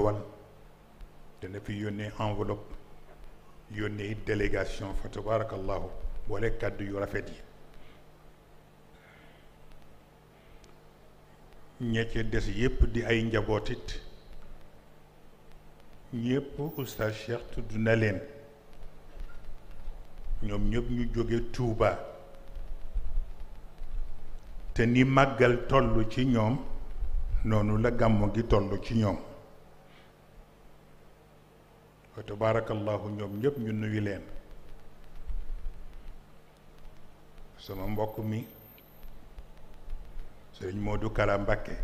wan dana fi yónnee enveloppe yónnee délégation fa tabarakallahu boole kàddu yu rafet yi ñecce des yépp di ay njabootit ñépp oustaz Cheikh tudd na leen ñoom ñëpp ñu jóge Tuuba te ni màggal toll ci ñoom noonu la gàmmu gi toll ci ñoom fa tabaarakallaahu ñoom ñëpp ñu nuyu leen sama mbokk mi sëriñ Modou Kara Mbakke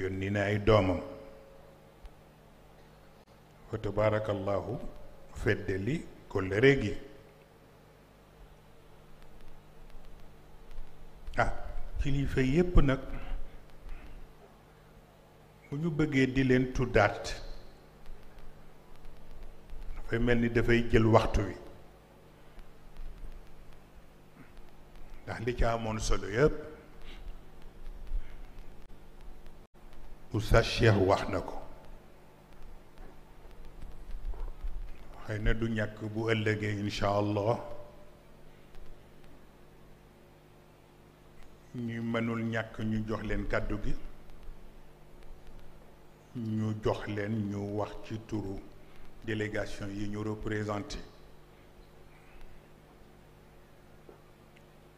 yónni na ay doomam fa tabaarakallaahu feddali kóllëre gi ah kilifa yépp nag bu ñu bëggee di leen tuddaat dafay mel ni dafay jël waxtu wi ndax li ci amoon solo yëpp Oustaz Cheikh wax na ko xëy na du ñàkk bu ëllëgee incha allah ñu mënul ñàkk ñu jox leen kàddu gi ñu jox leen ñu wax ci turu délégation yi ñu représenté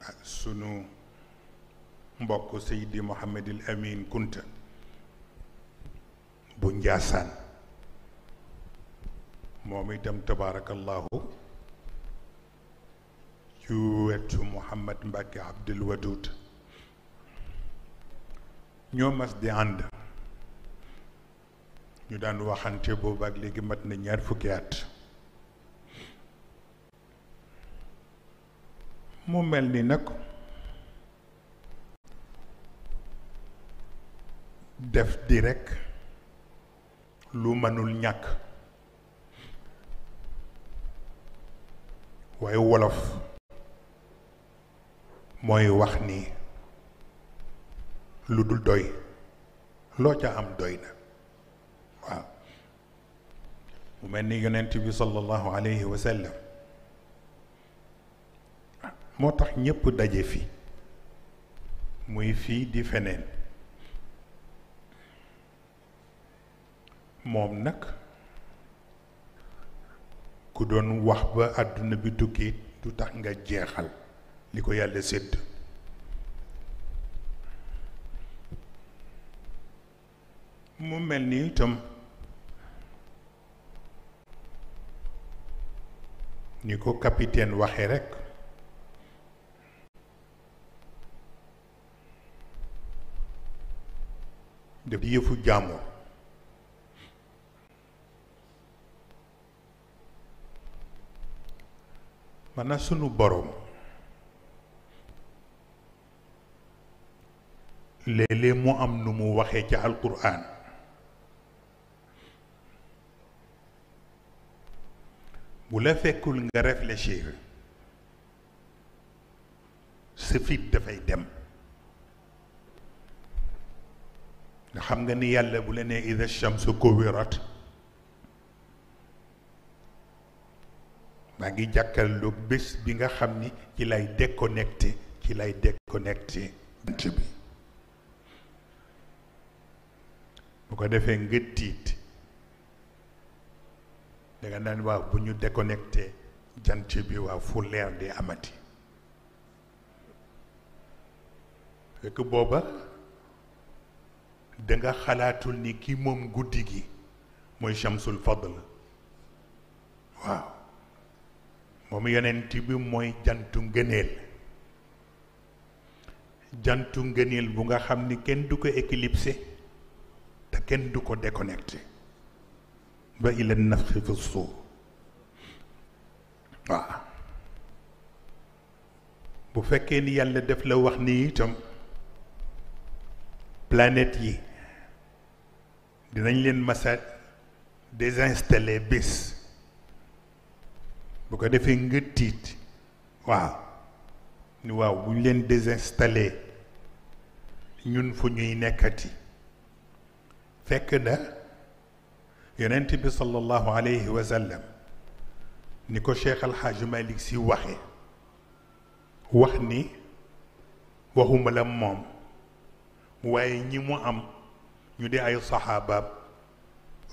ah, sunu mbokk Seydi Mouhamadil Amin Kunta bu Njaasaan moom itam tabaarakallaahu yu wetu Mouhamad Mbacke Abdul ñoo mas di ànd ñu daan waxante boobu ak léegi mat na ñaar fukki at mu mel ni nag def di rekk lu mënul ñàkk waaye wolof mooy wax ni lu dul doy loo ca am doy na mu mel ni yonent bi sallallahu alayhi wa sallam moo tax ñépp daje fi muy fii di feneen moom nag ku doon wax ba àdduna bi tukki du tax nga jeexal li ko yàlla sédd mu mel ni itam ni ko capitaine waxe rekk daf di yëfu jàmbur maanaam sunu boroom léeg-léeg mu am nu mu waxee ca alquran bu la fekkul nga réfléchir sa fit dafay dem nga xam nga ni yàlla bu la nee ida shamsu kuwirat maa ngi jàkkaarloog bés bi nga xam ni ci lay déconnecté ci lay déconnecté jant bi bu ko defee nga danga nga naan waaw bu ñu déconnecté jant bi waaw fu leer di amati fekk booba danga xalaatul ni ki moom guddi gi mooy Shamsul Fadl waaw moom yonent bi mooy jantu ngëneel jantu ngëneel bu nga xam ni kenn du ko éclipsé te kenn du ko déconnecté ba ila nafxi fi suuf waaw bu fekkee ni yàlla def la wax ni itam planète yi dinañ leen masa désinstallé bés bu ko defee nga tiit waaw waaw bu ñu leen désinstallé ñun fu ñuy nekkati fekk na yonent bi sallallahu alayhi wa ni ko Cheikh Al Hadj Malick si waxe wax ni waxuma moom waaye ñi mu am ñu di ay saxaabaab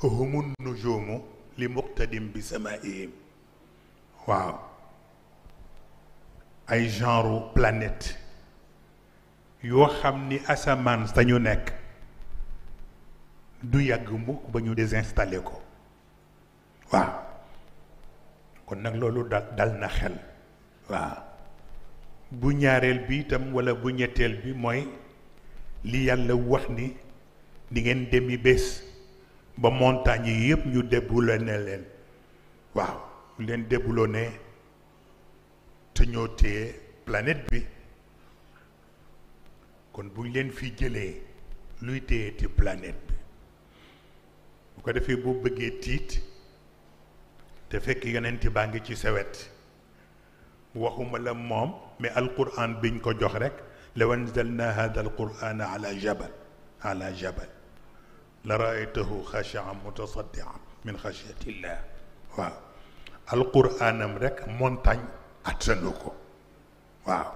humu nujuumu li muqtadim bi samaihim waaw ay genre planet yoo xam ni asamaan sañu nekk du yàgg mukk ba ñu désinstallé ko waaw kon nag loolu dal dal na xel waaw bu ñaareel bi itam walla bu ñetteel bi mooy li yàlla wax ni di ngeen demi bés ba montagne yi yëpp ñu déboulonné leen waaw ñu leen déboulonné te ñoo téye planète bi kon bu ñu leen fi jëlee luy téye ci bu ko defee boo bëggee tiit te fekk yonent baa ngi ci sawet waxuma la moom mais alquran biñ ko jox rek law anzalna hada alquran ala jabal ala jabal la raaytahu xashaan mutasaddian min xashiyatillah waaw alquranam rek montagne attanu ko waaw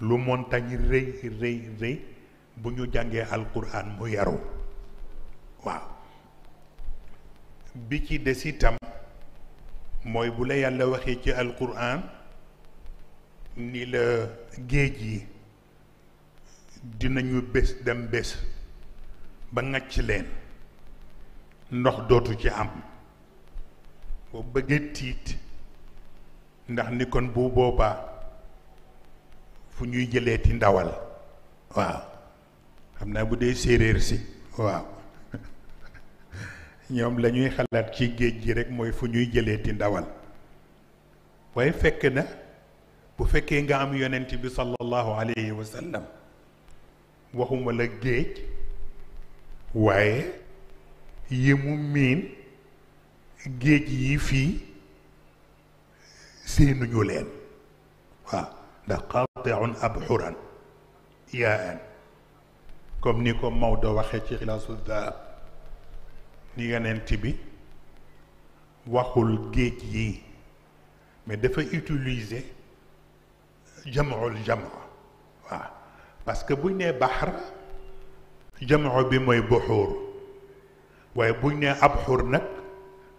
lu montagne rëy rëy rëy bu ñu jàngee alquran mu yaru waaw bi ci des itam mooy bu la yàlla waxee ci alquran ni la géej yi dinañu bés dem bés ba ngàcc leen ndox dootu ci am boo bëggee tiit ndax ni kon bu boobaa fu ñuy jëlee ti ndawal waaw xam naa bu dee séeréer si waaw ñoom la ñuy xalaat ci géej gi rek mooy fu ñuy jëlee ti ndawal waaye fekk na bu fekkee nga am yonent bi sallallahu alayhi wa waxuma la géej waaye yi mu miin géej yi fii séenuñu leen waaw ndax qaatiun abxuran yaa an comme ni ko Maodo waxee ci xilaasu zahab yonent bi waxul géej yi mais dafa utilise jam'ul jam' waaw parce que buñ nee baxar jam'u bi mooy buxuur waaye buñ ab abxur nag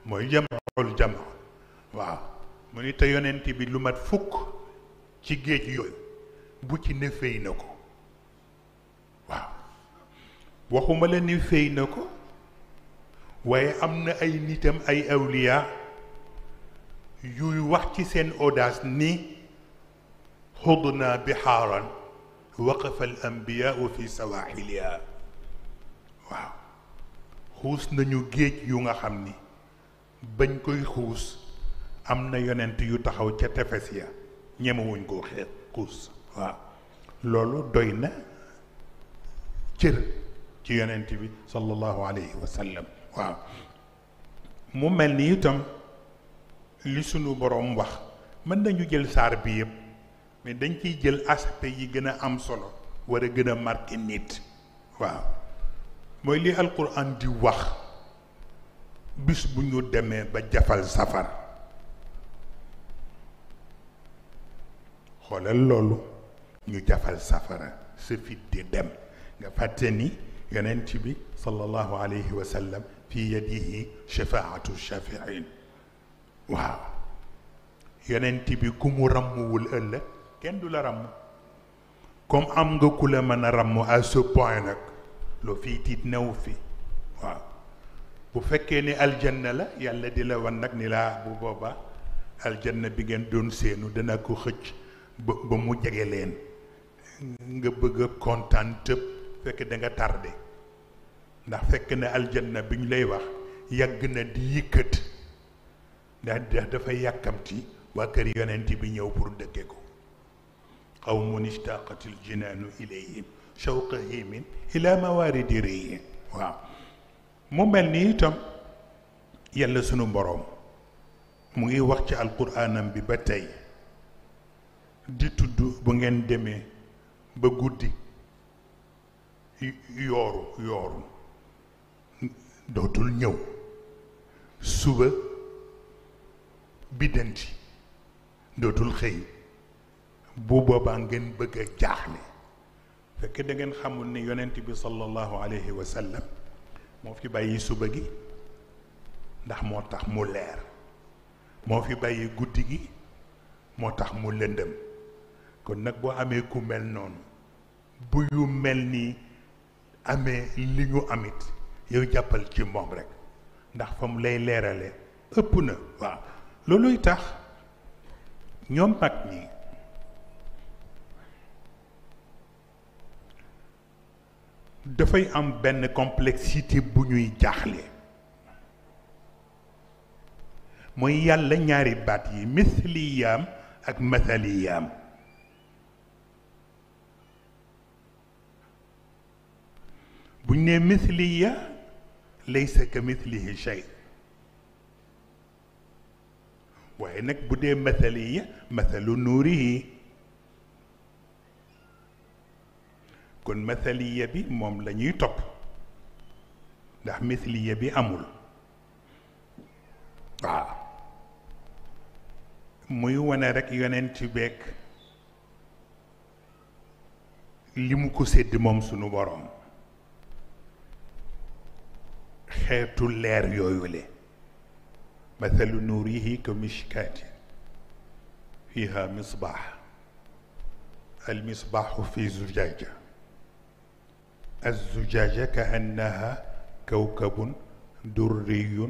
mooy jam'ul jam' waa mu ni te yonent bi lu mat fukk ci géej yooyu bu ci ne fay na ko waaw waxuma la ni fay na ko waaye am na ay nitam ay awliya yuy wax ci seen audace ni xudna bihaaran waqafa al anbiyaau fi sawaxiliha waaw xuus nañu géej yu nga xam ni bañ koy xuus am na yonent yu taxaw ca tefes ya ñemewuñ ko xeet xuus waaw loolu doy na cër ci yonent bi sallallahu alayhi wa waaw mu mel ni itam li sunu boroom wax mën nañu jël saar bi yëpp mais dañ ciy jël aspect yi gën a am solo war a gën a marqué nit waaw mooy li alquran di wax bis bu ñu demee ba jafal safara xoolal loolu ñu jafal safara sa fit di dem nga fàtte ni yonent bi sallallahu alayhi wa fi yadihi shafaatu shafiin waaw yonent bi ku mu ràmmuwul ëllëg kenn du la ràmm comme am nga ku la mën a ràmm à ce point nag loo fii tiit new fi waaw bu fekkee ni aljanna la yàlla di la wan nag ni laa bu boobaa aljanna bi ngeen doon seenu dana ko xëcc ba ba mu jege leen nga bëgg a kontaan tëb fekk danga nga ndax fekk na aljanna bi ñu lay wax yàgg na di yëkkat ndax dafa yàkkamti waa kër yonent bi ñëw pour dëkke ko qawmun ishtaqatil jinaanu ilayhim shawqahimin di mawaridi réyi waaw mu mel ni itam yàlla sunu mboroom mu ngi wax ci alquraanam bi ba tey di tudd bu ngeen demee ba guddi yooru yooru dootul ñëw suba biddanti dootul xëy bu boobaa ngeen bëgg a jaaxle fekk da ngeen xamul ni yonent bi sallallahu alayhi wa sallam moo fi bàyyi suba gi ndax moo tax mu leer moo fi bàyyi guddi gi moo tax mu lëndëm kon nag boo amee ku mel noonu bu yu mel nii amee li ñu amit yow jàppal ci moom rek ndax fa mu lay leerale ëpp na waaw looluy tax ñoom mag ñi dafay am benn complexité bu ñuy jaaxle mooy yàlla ñaari baat yi misliyaam ak masaliyaam buñ ne misliya laysa kamithlihi shay waaye nag bu dee mathaliya mathalu nuurihi kon mathaliya bi moom lañuy topp ndax mithliya bi amul waaw muy wane rek yonent beeg li mu ko sedd moom sunu boroom xeetu leer yooyu le mathalu nuurihi ka mishkaati fiha misbaax al misbaaxu fi zujaaja الزجاجة كأنها كوكب دري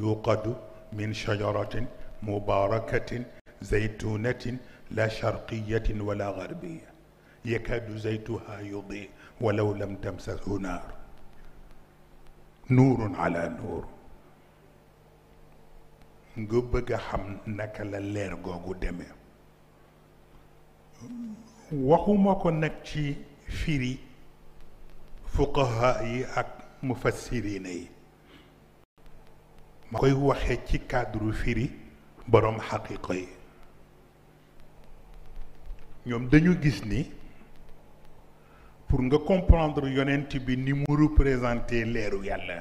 يوقد من شجرة مباركة زيتونة لا شرقية ولا غربية يكاد زيتها يضيء ولو لم تمسسه نار nuurun ala nuur nga bëgg a xam naka la leer googu demee waxuma ko nag ci firi fuqaha yi ak mufassirina yi ma koy waxee ci cadre firi boroom xaqiqa yi ñoom dañu gis ni pour nga comprendre yonent bi ni mu représenté leeru yàlla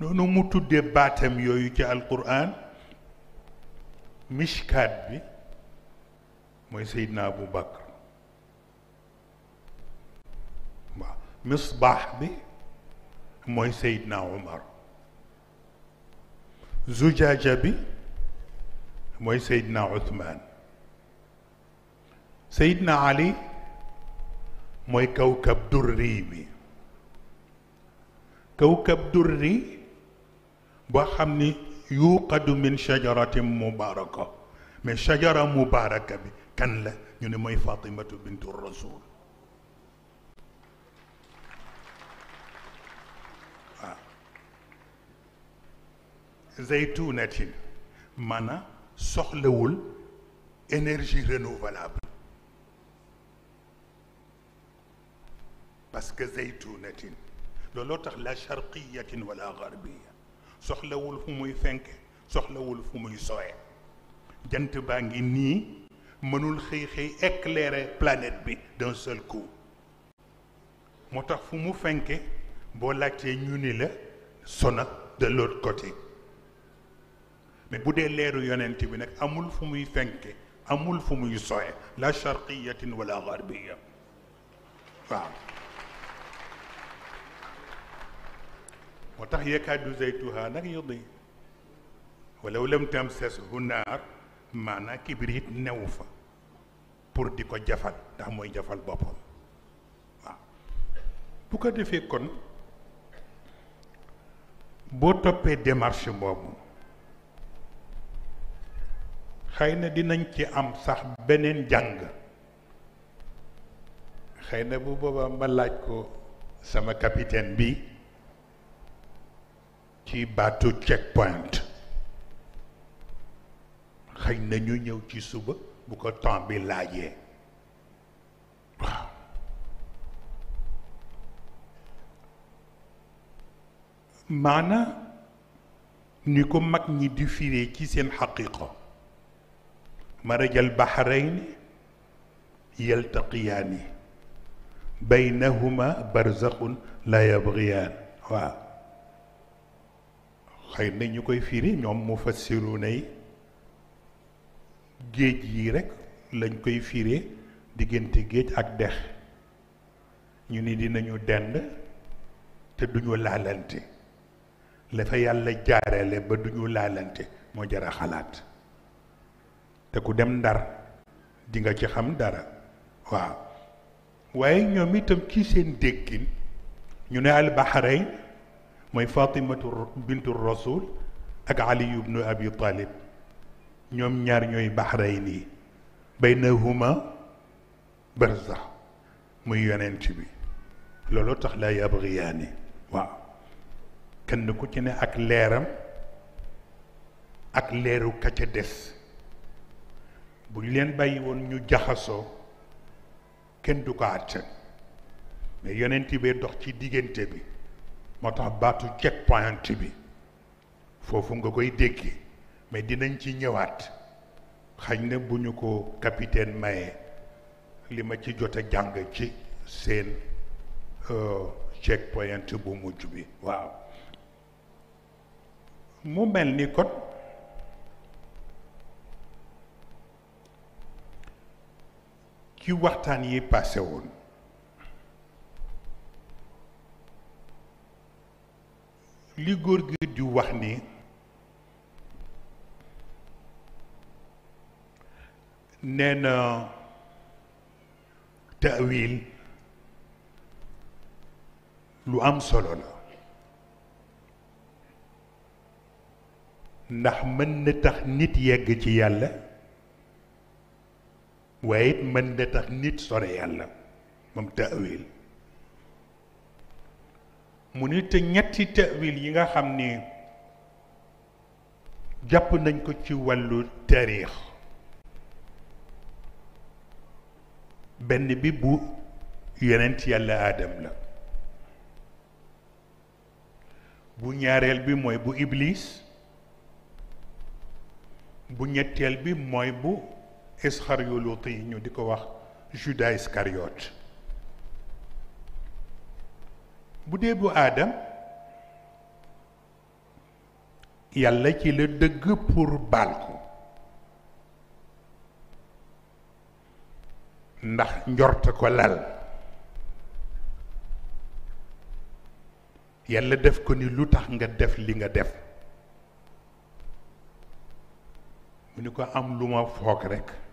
noonu mu tuddee baatam yooyu ci alquran mishkaat bi mooy Seydina Abu Bakr waaw misbaax bi mooy Seydina Umar zujaaja bi mooy Seydina Uthman Seydina Ali mooy kawkab durri bi kawkab durri boo xam ni yuqadu min shajaratin mubaraka mais shajara mubaraka bi kan la ñu ne mooy fatimatu bintu rasul waaw zeytunatin maanaam soxlawul énergie renouvelable parce que zaytunatin looloo tax la charqiyatin wala garbiya soxlawul fu muy fenke soxlawul fu muy sowe jant baa ngi nii mënul xëy xëy éclairer planète bi d'un seul coup moo tax fu mu fenke boo laajtee ñu ni la sona de l'autre côté mais bu dee leeru yonent bi nag amul fu muy fenke amul fu muy sowe la charqiyatin wala garbiya waaw moo tax yekkaadu zaytuha nag yuddi walaw lam tamsashu naar maanaa kibrit newu fa pour di ko jafal ndax mooy jafal boppam waaw bu ko defee kon boo toppee démarche boobu xëy na dinañ ci am sax beneen jàng xëy na bu boobaa ma laaj ko sama capitaine bi ci baatu checkpoint xëy na ñu ñëw ci suba bu ko temps bi laajee maana ni ko mag ñi di firee ci seen xaqiqa marajal baxarayn yaltaqiyaani baynahuma barzaxun la yabgiyaan waaw xëy na ñu koy firi ñoom mu fassiru nay géej yi rekk lañ koy firee diggante géej ak dex ñu ni dinañu dend te duñu laalante la fa yàlla jaarale ba duñu laalante moo jara xalaat te ku dem ndar di nga ci xam dara waaw waaye ñoom itam ci seen déggin ñu ne albaxarayn mooy fatimatu bintu rasul ak aliyu bnu abi talib ñoom ñaar ñooy bahrayni baynahuma barza muy yonent bi loolu tax la yabgiyaani waaw kenn ku ci ne ak leeram ak leeru ka ca des bu ñu leen bàyyi woon ñu jaxasoo kenn du ko àttan mais yonent bee dox ci diggante bi moo tax baatu check point bi foofu nga koy dégge mais dinañ ci ñëwaat xañ na bu ñu ko capitaine maye li ma ci jote a jàng ci seen euh, check point bu mujj bi waaw mu mel ni kon ci waxtaan yi passé woon li góor gi di wax ni nee na taawil lu am solo la ndax mën na tax nit yegg ci yàlla waaye it mën na tax nit sore yàlla moom taawil mu ni te ñetti tawil yi nga xam ni jàpp nañ ko ci wàllu taarix benn bi bu yonent yàlla aadam la bu ñaareel bi mooy bu iblis bu ñetteel bi mooy bu isxariolote yi ñu di ko wax Judas Iscariote bu dee bu aadam yàlla ci la dëgg pour baal ko ndax njort ko lal yàlla def ko ni lu tax nga def li nga def mu ni ko am lu ma foog rekk